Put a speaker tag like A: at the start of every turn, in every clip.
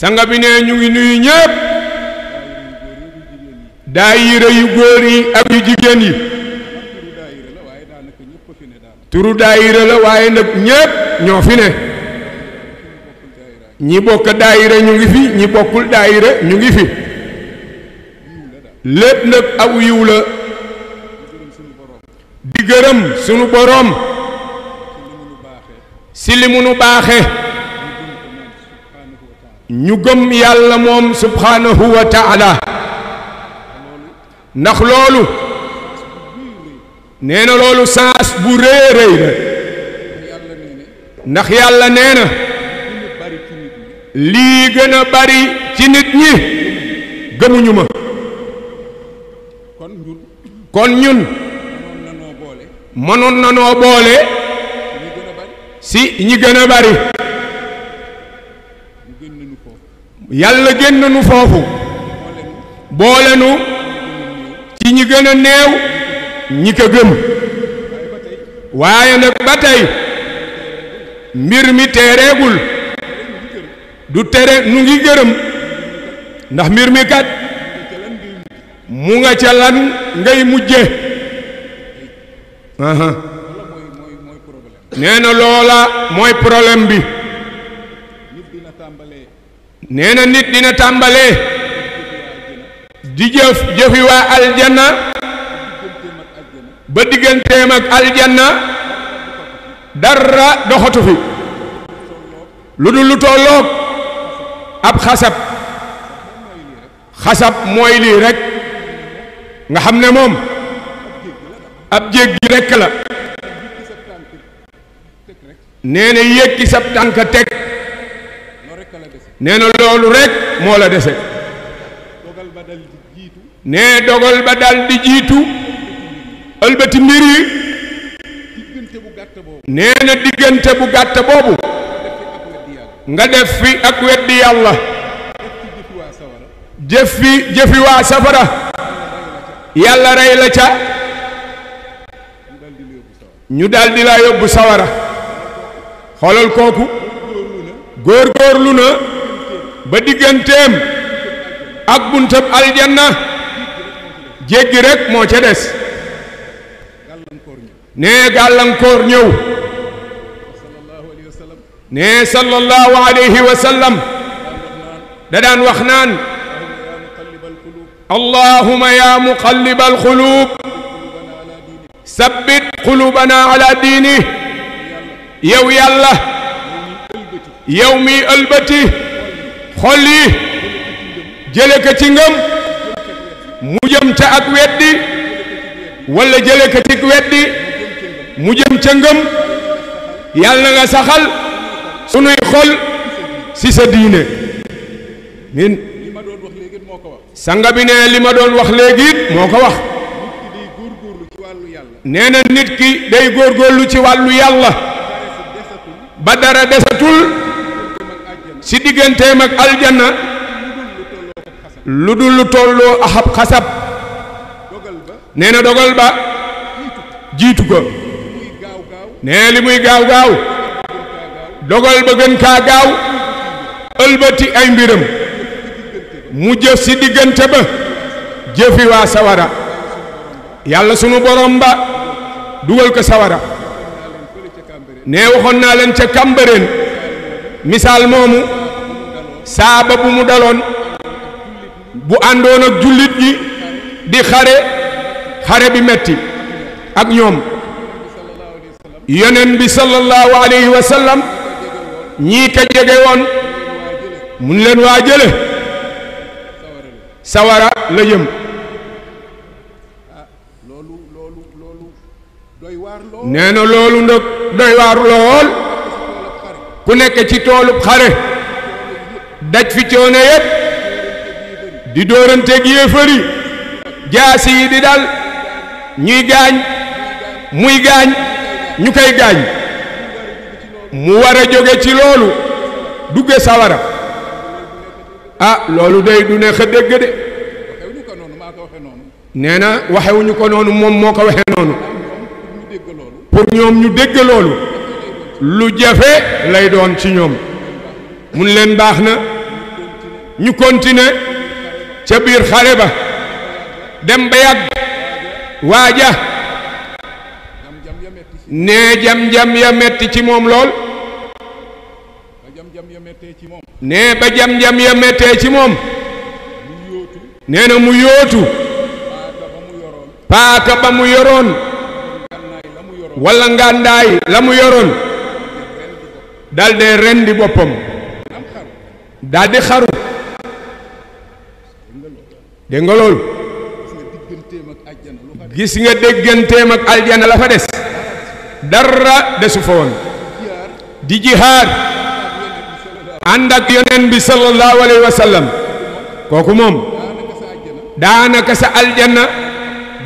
A: sanga bi ne ñu ngi nuyu ñépp daayira yu góor yi ak yu jigéen yi turu daayira la waaye nag ñépp ñoo fi ne ñi bokk daayira ñu ngi fi ñi bokkul daayira ñu ngi fi lépp nag aw yiw la di gërëm sunu boroom si li nu baaxe ñu gëm yàlla moom subhaanahu wa taala ndax loolu nee na loolu sens bu rëy rëy ndax yàlla nee na lii gën a bari ci nit ñi gëmuñu ma kon ñun mënoon na noo boole si ñi gën a bari yàlla génn nu foofu boole nu ci ñi gën a néew ñi ko gëm waaye nag ba tey mbir mi teereegul du tere nu ngi gërëm ndax mbir mi kat mu nga ca lan ngay mujje nee na loola mooy problème bi nee na nit dina tàmbalee di jëf jëfi waa ba digganteem ak aljanna dara doxatu fi lu dul lu tolloog ab xasab xasab mooy lii nga xam ne moom ab jéggi rekk la nee na yëkki sab tànk teg nee na loolu rek moo la dese nee dogal ba dal jiitu ëlbati mbir yi nee na diggante bu gàtt boobu nga def fi ak weddi yàlla jëf fi jëfi waa safara yàlla rey la ca ñu daldi la yóbbu sawara xoolal kooku góorgóorlu na ba digganteem ak buntab aljanna jéggi rekk moo ca des nee gàllankoor ñëw nee sallallahu alayhi wa sallam da daan wax naan allahuma ya muqalliba alxuluub sabbit xulubana ala diini yow yàlla yow mi ëlbati xol yi jële ko ci ngëm mu jëm ca ak weddi wala jële ko ci weddi mu jëm ca ngëm yàlla na nga saxal sunuy xol ci sa diine min bi nee li ma doon wax léegi moo ko wax nee na nit ki day góorgóorlu ci wàllu yàlla ba dara desatul si digganteem ak aljanna lu dul lu tolloo axab xasab nee na dogal ba jiitu ko nee li muy gaaw gaaw dogal ba gën kaa gaaw ëlbati ay mbiram mu jëf si diggante ba jëfi waa sawara yàlla sunu borom ba dugal ko sawara nee waxoon naa leen ca Kàmbareen misaal moomu saaba bu mu daloon bu àndoon ak jullit ñi di xare xare bi metti ak ñoom yeneen bi sallallahu alayhi wa sallam ñii ka jege woon mun leen waa jële sawara la jëm nee na loolu ndëg doy waar lool ku nekk ci toolub xare daj fi coono yépp di dóoranteeg yéefar yi jaasi yi di dal ñuy gaañ muy gaañ ñu koy gaañ mu war a jóge ci loolu dugge sawara a ah, loolu day du neex a dégg de nee na waxewuñu ko noonu moom moo ko waxe noonu pour ñoom ñu dégg loolu lu jafe lay doon ci ñoom mun leen baax na ñu continuer ci bir xareba dem ba yag waja ne jam jam ya metti ci mom lol ne ba jam jam ya metti ci mom nee na mu yotu paaka ba mu yoron wala ngàndaay la mu dal de rendi bopam dal di xaru dégg nga lol gis nga deggante mak aljana la fa dess dara dessu fa woon di jihad andak ak bi sallallahu alaihi wasallam koku mom sa aljana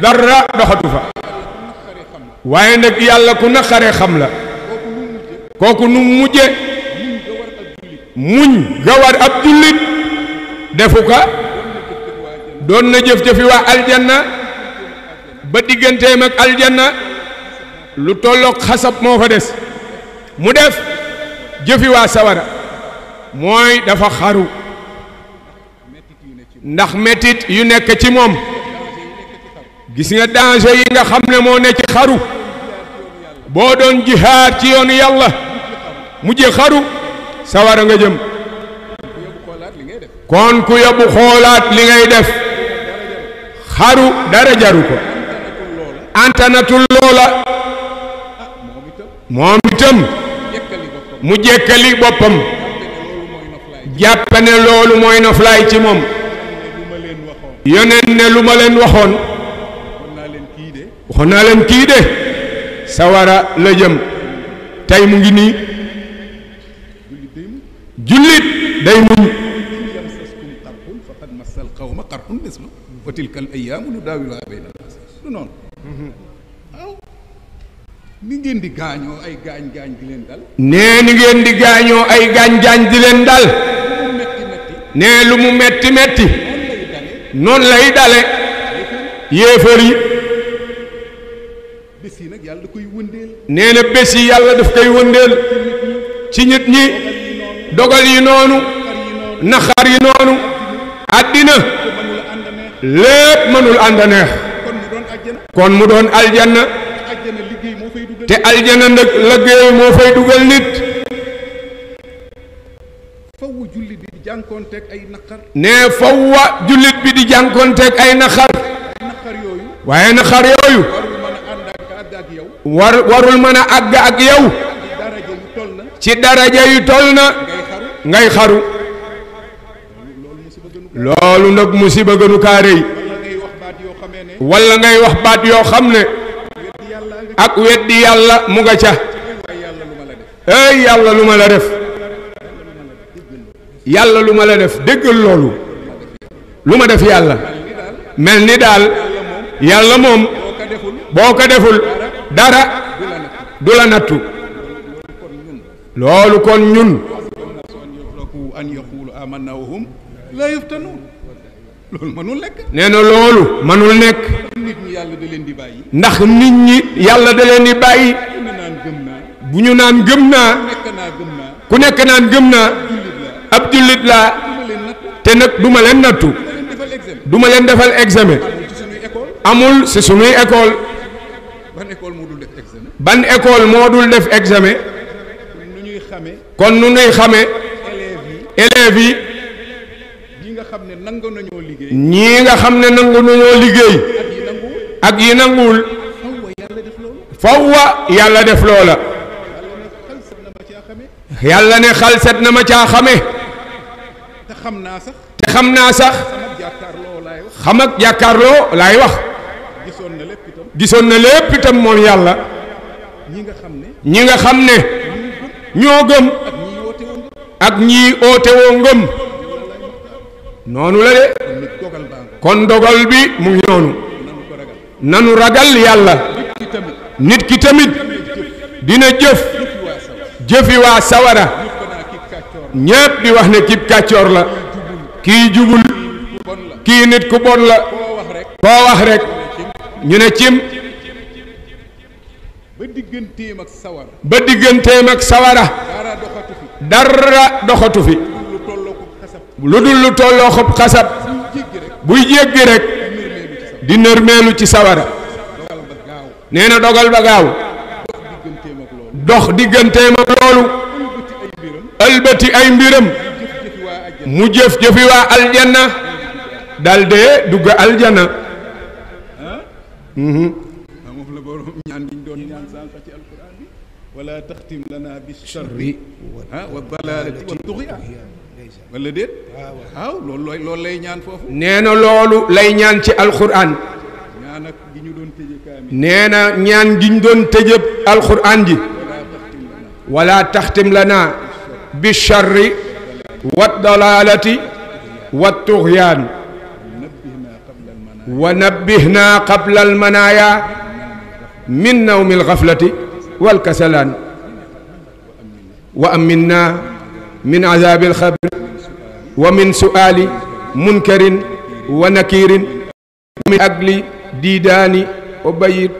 A: dara doxatu fa waye nak yalla ku nakhare xam la koku nu mujje muñ gawar abdulit defuka doon na jëf-jëfi waa aljanna ba digganteem ak aljanna lu tollook xasab moo fa des mu def jëfi waa sawara mooy dafa xaru ndax metit yu nekk ci moom gis nga danger yi nga xam ne moo nekk ci xaru boo doon jihaad ci yoon yàlla mujje xaru sawara nga jëm kon ku yóbbu xoolaat li ngay def xaru dara jaru ko antanatul loola moom itam mu jekkali boppam jàpp ne loolu mooy noflaay ci moom yoneen ne lu ma leen waxoon waxoon naa leen kii de sawara la jëm tey mu ngi nii jullit
B: day muñ wa tilkal ayyaamu nudaawiluhaa bayna naas du noonu ay gaañ-gaañ di nee ni ngeen di gaañoo ay gaañ-gaañ di leen dal
A: nee lu mu metti metti noonu lay dale yéefar yi nag yàlla da nee na bés yi yàlla daf koy wëndeel ci nit ñi dogal yi noonu naxar yi noonu àddina lépp mënul ànd a neex kon mu doon aljanna te aljana nag liggéey moo fay dugal nit ne fawwa jullit bi di jànkoonteeg ay naxar waaye naxar yooyu warul mën a àgg ak yow ci daraja yu toll na ngay xaru lolou nak musiba gënu ka rëy wala ngay wax baat yo xamne ak weddi yalla mu nga ca ey yalla luma la def yalla luma la def deggal lolou luma def yalla melni dal yalla mom boko deful dara dula natou lolou kon ñun
B: laa yuftanuun loolu mënul nekk.
A: nee na loolu mënul nekk. nit ñi yàlla da leen di bàyyi. ndax nit ñi yàlla da leen di bàyyi. bu ñu naan gëm naa. ku nekk naan gëm naa. ab jullit laa. te nag du ma leen nattu. du ma leen defal examen. amul si suñuy école. ban école moo dul def examen. ban école moo dul def examen. kon nu ñuy xamee. élèves yi. nangu nañoo liggéey ñii nga xam ne nangu nañoo liggéey ak yi nanguwul fawwa yàlla def loola yàlla ne xalset na ma caa xame te xam naa sax xam naa sax xam ak jàkkaarloo laay wax gisoon na lépp itam moom yàlla ñi nga xam ne ñoo gëm ak ñii oote woo ngëm noonu la de kon dogal bi mu ngi nanu ragal yàlla nit ki tamit dina jëf jëfi waa sawara ñépp di wax ne kib kàccoor la kii jubul kii nit ku bon la koo wax rek ñu ne cim ba digganteem ak sawara dara doxatu fi lu dul lu tolloo xob xasab buy jéggi rek di nërmeelu ci sawara nee na dogal ba gaaw dox digganteem ak loolu ëlbati ay mbiram mu jëf jëfi waa aljanna dal dee dugg aljanna mhm.
B: wala wala déet waaw loolu lay loolu lay ñaan foofu
A: nee na loolu lay ñaan ci alxuraan ñaan ak gi ñu doon tëje kaamil nee na ñaan gi ñu doon tëjëb alxuraan ji wala taxtim lana bi charri wa dalalati wa tuxyaan wa nabbihna qabla almanaya min nawmi alxaflati walkasalaan wa aminna من عذاب الخبر ومن سؤال منكر ونكير من أجل ديدان أبيد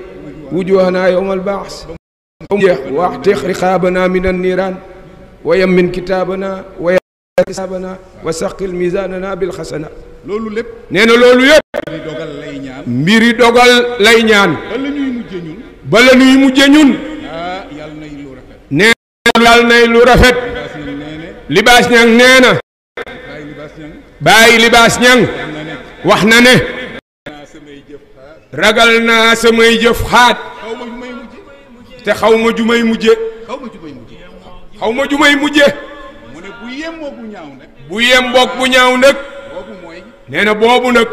A: وجوهنا يوم البعث واحتخ رخابنا من النيران ويمن كتابنا ويمن كتابنا وسق الميزاننا بالخسنة لولو لب نينو لولو يب ميري دوغل لينيان بلنو يمجنون نينو يالنا يلو رفت libaas ñang nee na bàyyi libaas ñang wax na ne ragal naa samay jëf xaat te xaw ma ju may mujje xaw ma ju bu
B: yemboog bu ñaaw nag
A: bu yemboog bu nag nee boobu nag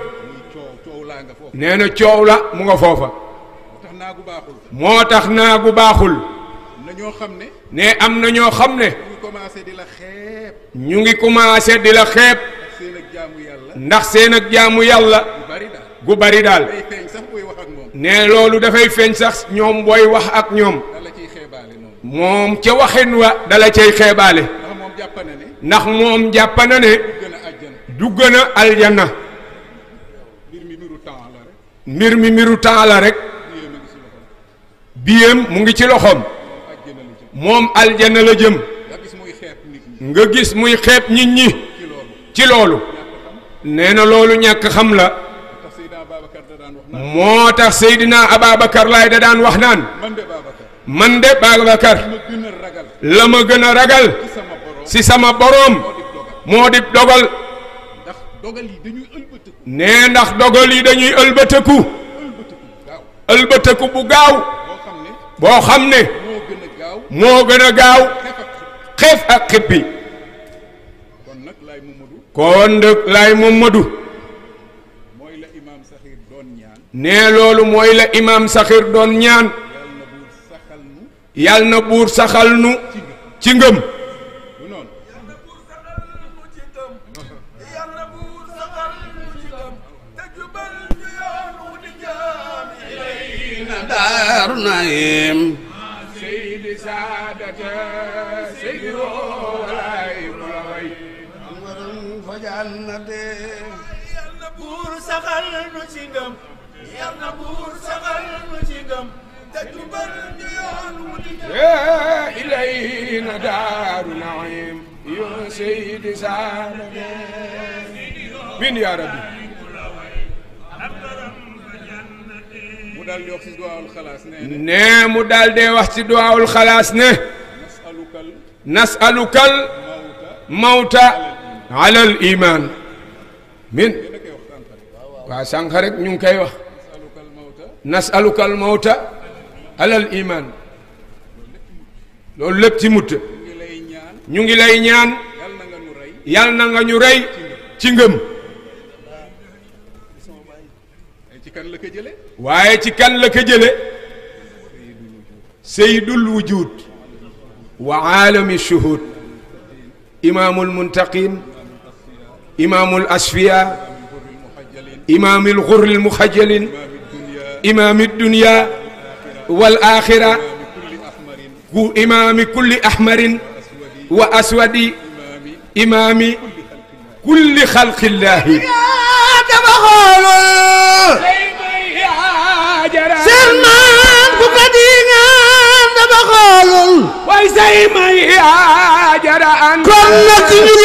A: nee na coow la mu nga foofa moo tax naa gu baaxul ne am na ñoo xam ne commencé di ñu ngi commencé di la xeeb ndax seen ak jaamu yàlla gu bari daal ne loolu dafay feeñ sax ñoom booy wax ak ñoom mom ca waxin wa dala cay xeebaale ndax mom jàpp ne du gën a aljana mbir mi mbiru temps la rek biyem mu ngi ci loxoom moom aljana la jëm nga gis muy xeeb nit ñi ci loolu nee na loolu ñàkk xam la moo tax Seydina Ababacar laay da daan wax naan man de Babacar la ma gën a ragal si sama boroom moo di dogal nee ndax dogal yi dañuy ëlbëtëku ëlbëtëku bu gaaw boo xam ne moo gën a gaaw xef ak xippi kon nak lay mamadou kon nak lay mamadou moy la imam sahir don ñaan ne lolu moy la imam sahir don ñaan yal na bur saxal nu ci ngeum Yeah. yal na dee yal na buur saxal nu ci ngëm yal na buur saxal nu ci ngëm te jubal ñu yoon wu di yaa ilay na daaru naim yoo seydi saara min yaa rabbi
B: mu daal di wax ci duwaawul xalaas
A: ne ne mu daal dee wax ci duwaawul xalaas ne nas'alukal nas'alukal mawta alal iman min rek ñu ngi koy wax nasaluka al mawta alal iman loolu lépp ci mutt ñu ngi lay ñaan yàlla na nga ñu rey ci ngëm waaye ci kan la ko jële sayyidul wujud wa aalami shuhud imaamul muntaqin إمام الأسفياء إمام الغر المخجل إمام الدنيا والآخرة إمام كل أحمر وأسود إمام كل خلق الله سلمان بقدينا دبخول ويسيما كل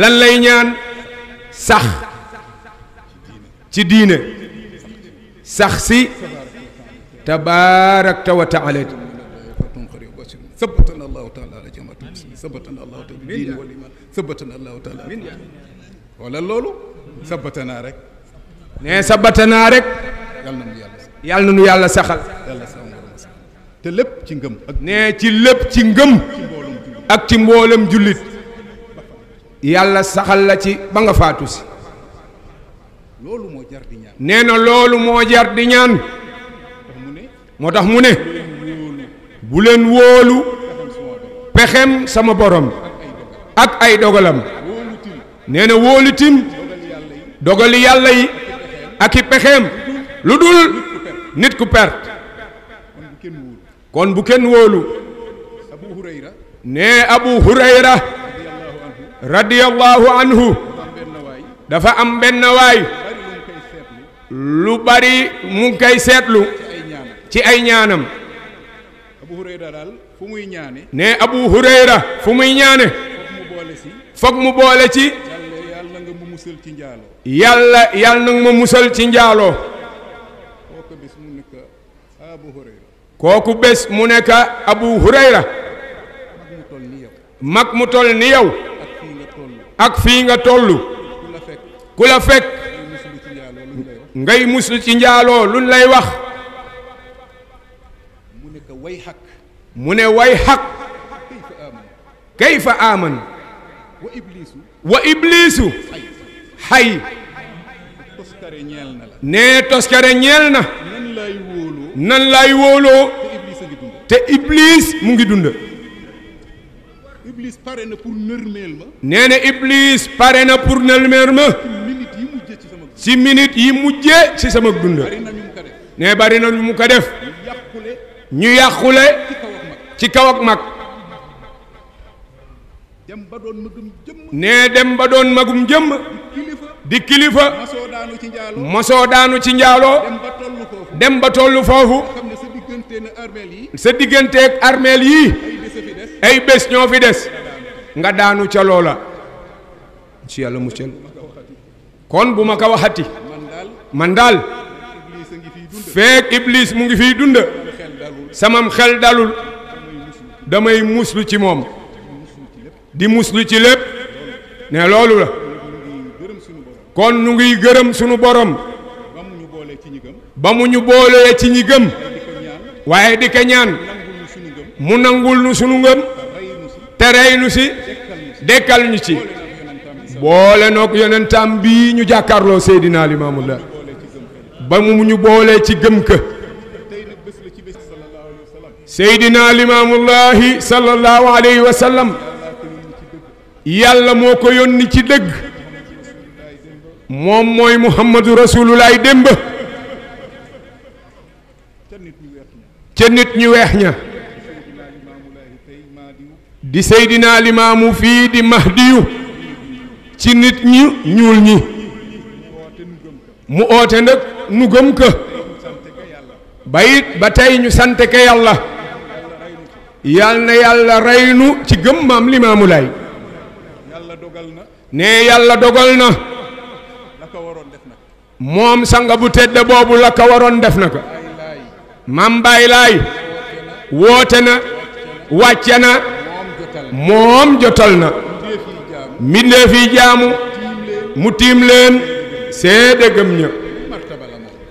A: lan lay ñaan sax ci diine sax si tabaarakta wa taala
B: sabatana allahu taala ala loolu sabatanaa rek
A: ne sabatanaa rek yàlla na nu yàlla saxal te lépp ci ngëm ne ci lépp ci ngëm ak ci mboolam jullit yalla saxal la ci ba nga faatu si loolu moo jar di ñaan nee na loolu jar di ñaan moo mu ne bu leen wóolu pexem sama borom ak ay dogalam nee na wóolu tim dogali yàlla yi ak i pexeem nit ku perte kon bu kenn wóolu ne abu hurayra radiyallahu anhu dafa am benn waay lu bari mu ngi koy seetlu ci ay ñaanam ne abu hurayra fu muy ñaane
B: foog mu boole ci
A: yàlla yàlla na nga ma musal ci njaaloo kooku bés mu nekk abu hurayra mag mu tol ni yow ak fii nga toll ku la fekk ngay muslu ci njaaloo luñ lay wax mu ne way xaq kayfa aman wa ibliisu xay nee toskare ñeel na nan lay wóoloo te ibliis mu ngi dund
B: Iblis pare na pour nërmeel
A: nee na Iblis pare na pour nërmeel ma. ci minute yi mujjee ci sama dund. nee bari na ñu mu ko def. ñu yàqule. ci kaw ak mag. nee dem ba doon magum jëmm. di kilifa. mosoo daanu ci njaaloo. dem ba tollu foofu. sa digganteeg armeel yi. ay bés ñoo fi des nga daanu ca loola ci yàlla muccal kon bu ma ko waxati man daal feek iblis mu ngi fiy dund samam xel dalul damay muslu ci moom di muslu ci lépp ne loolu la kon nu ngiy gërëm sunu borom ba mu ñu boolee ci ñi gëm waaye di ko ñaan mu nangul nu sunu ngëm terey nu si dekkal ñu ci boole noog yonentam bii ñu jàkkaarloo Seydina Limaamu la ba mu ñu boolee ci gëm ka Seydina Limaamullahi sallallahu alayhi wa yàlla moo ko yónni ci dëgg moom mooy Muhammadu Rasulullaay démb ca nit ñu weex ña di seydinaa limaamu fii di mahdiyu ci nit ñi ñuul ñi mu oote nag nu gëm ka bayit ba tey ñu sante ka yàlla yal na yàlla rey nu ci gëm maam limaamu lay ne yàlla dogal na moom sanga bu tedd boobu la ka waroon def na ko maam baay laay woote na wàcce na moom jotal na mbindeef yi jaamu mu tiim leen seede gëm ña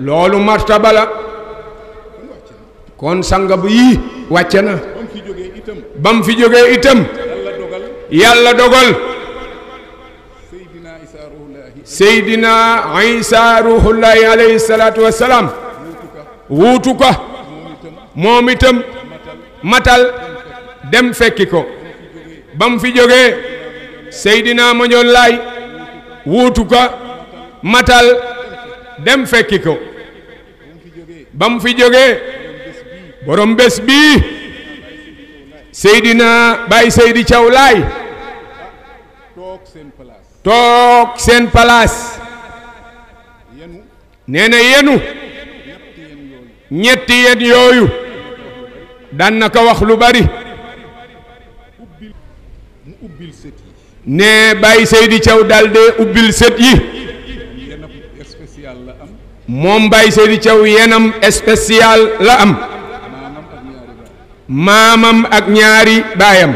A: loolu martaba la kon sanga bu yii wàcce na ba mu fi jógee itam yàlla dogal seydina isa ruhullahi alayhi salaatu wassalaam wuutu ko moom itam matal dem fekki ko ba mu fi jógee Seydina Mandione Laye ko matal dem fekki ko ba mu fi jógee borom bés bii Seydina Baye Seydi Thiaw Laye toog seen palaas nee na yenu ñetti yen yooyu daan na ko wax lu bari ne Baye Seydi Thiaw daal de ubbil sët yi moom Baye Seydi Thiaw yenam spécial la am maamam ak ñaari baayam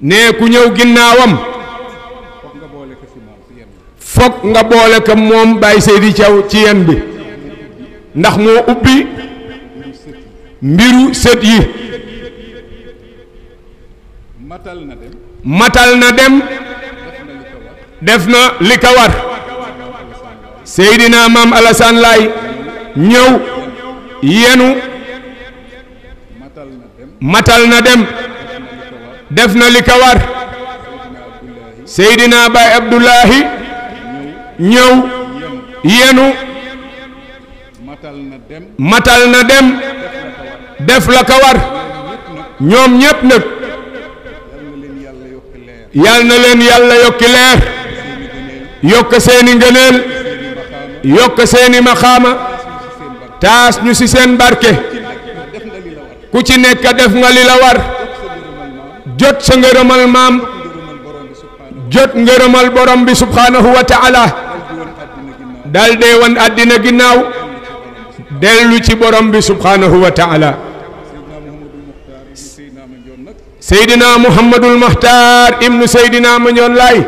A: ne ku ñëw ginnaawam fokk nga boole ko moom Baye Seydi Thiaw ci yen bi ndax moo ubbi mbiru sët yi matal na dem def na li ko war Maam Alassane Laye yenu matal na dem def na li ko war Seydina Baye Abdoulahi ñëw yenu matal na dem def la ko ñoom ñépp nag yal na leen yàlla yokki leer yokk seeni ngëneel yokk seeni maxaama taas ñu ci seen barke ku ci nekk def nga li la war jot sa ngërëmal maam jot ngërëmal borom bi subhaanahu wa taala dal wan àddina ginnaaw dellu ci borom bi subhaanahu wa taala seydina muhammadul muhtar ibnu seydina ma ñoon lay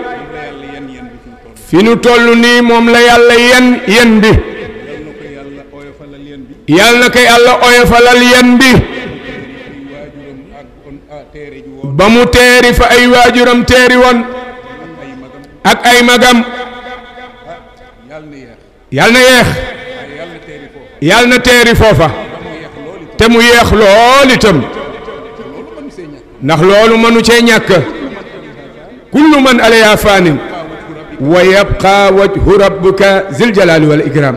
A: fi nu toll nii moom la yalla yen yen bi yalla kay ko oyofalal yen bi ba mu fa ay wajuram teeri woon ak ay magam yàlla na yeex yàlla na teeri foofa te mu yeex lool ndax lolu manu ci ñak kullu man alayha fanin wa yabqa wajhu rabbuka zil jalali wal ikram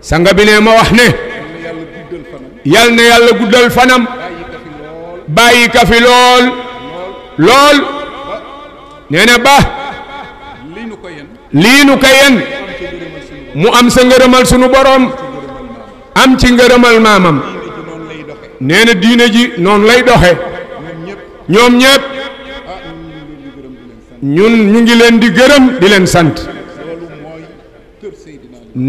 A: sanga bi ne ma wax ne yal ne yàlla guddal fanam bàyyi ka fi lol lol neena ba li nu ko yen mu am sa ngërëmal sunu borom am ci ngërëmal mamam neena diine ji non lay doxe ñoom ñëpp ñun ñu ngi leen di gërëm di leen sant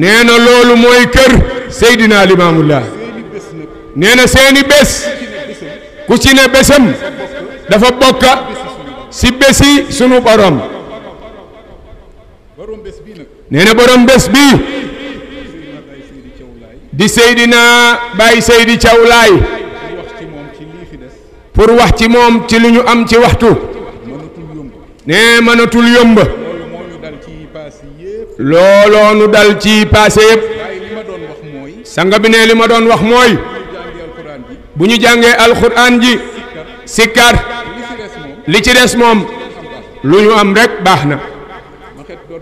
A: nee na loolu mooy kër Seydina Limaamullah nee na seeni bés ku ci ne bésam dafa bokka si bési sunu borom nee na borom bés bii di Seydina Baay Seydi Cawlaay pour wax ci moom ci li ñu am ci waxtu nee mënatul yomb looloo nu dal ci passé yëpp sanga bi ne li ma doon wax mooy bu ñu jàngee alxuraan ji sikkar li ci des moom lu ñu am rekk baax na